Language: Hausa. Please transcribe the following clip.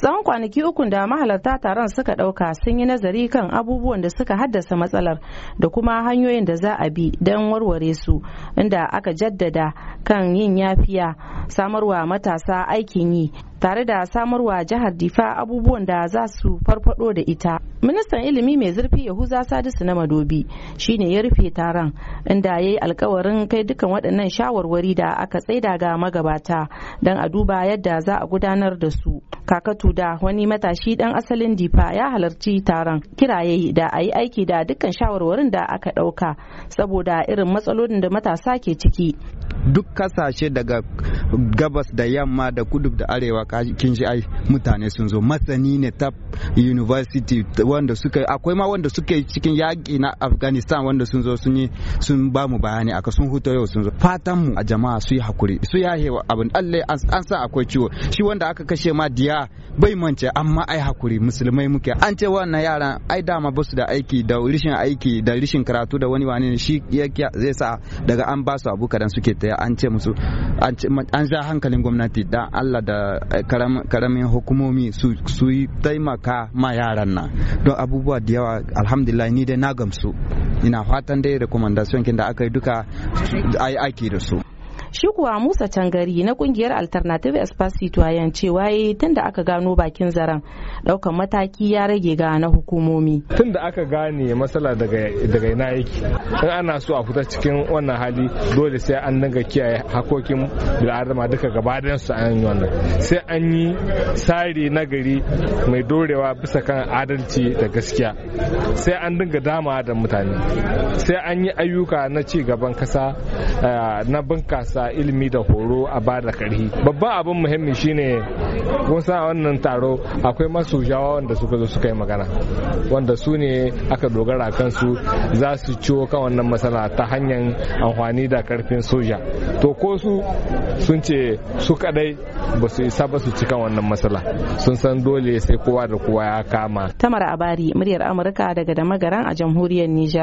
tsawon kwanaki uku da mahalarta taron suka ɗauka sun yi nazari kan abubuwan da suka haddasa matsalar da kuma hanyoyin da za a bi don warware su inda aka jaddada kan yin yafiya samarwa matasa aikin yi tare da samarwa jihar difa abubuwan da za su farfado da ita ministan ilimi mai zurfi yahuza sadisu na madobi shine ya rufe taron inda ya yi alkawarin kai dukkan waɗannan shawarwari da aka tsaida ga magabata don a duba yadda za a gudanar da su kakatu da wani matashi dan asalin difa ya halarci taron kiraye da a yi aiki da dukkan shawarwarin da aka ɗauka saboda irin matsalolin da matasa ke ciki duk kasashe daga gabas da yamma da kudu da arewa kin ji ai mutane sun zo masani ne ta university wanda suka akwai ma wanda suka cikin yaƙi na afghanistan wanda sun zo sun yi sun ba mu bayani aka sun huto yau sun zo fatan mu a jama'a su yi hakuri su hewa abin allah an sa akwai ciwo shi wanda aka kashe ma diya bai mance amma ai hakuri musulmai muke an ce wannan yaran ai dama ba su da aiki da rishin aiki da rishin karatu da wani wani shi zai sa daga an ba su abu kadan suke ta an ce musu an an za hankalin gwamnati da Allah da eh, karamin hukumomi su yi taimaka ma yaran nan don abubuwa da yawa alhamdulillah ni dai na gamsu ina fatan dai recommendation kin da aka yi duka ai aiki da su shi kuwa musa tangari na kungiyar alternative espacito yan cewa yi eh, tun da aka gano bakin zaren daukan mataki ya rage ga na hukumomi tun da aka gane matsala daga ina yake in ana so a fita cikin wannan hali dole sai an dinga kiyaye hakokin bil'adama duka gaba da su an yi wannan sai an yi tsari na gari mai dorewa bisa kan adalci da gaskiya sai an dinga dama da mutane sai an yi ayyuka na ci gaban kasa na bunkasa ilimi da horo a ba da karhi babban abin muhimmi shine kun sa wannan taro akwai masu jawa wanda suka zo suka yi magana wanda su ne aka dogara kansu za su ciwo kan wannan masala ta hanyar amfani da karfin soja to ko su sun ce su kadai ba su isa ba su cika wannan masala sun san dole sai kowa da kowa ya kama tamara abari muryar amurka daga damagaran a jamhuriyar nijar.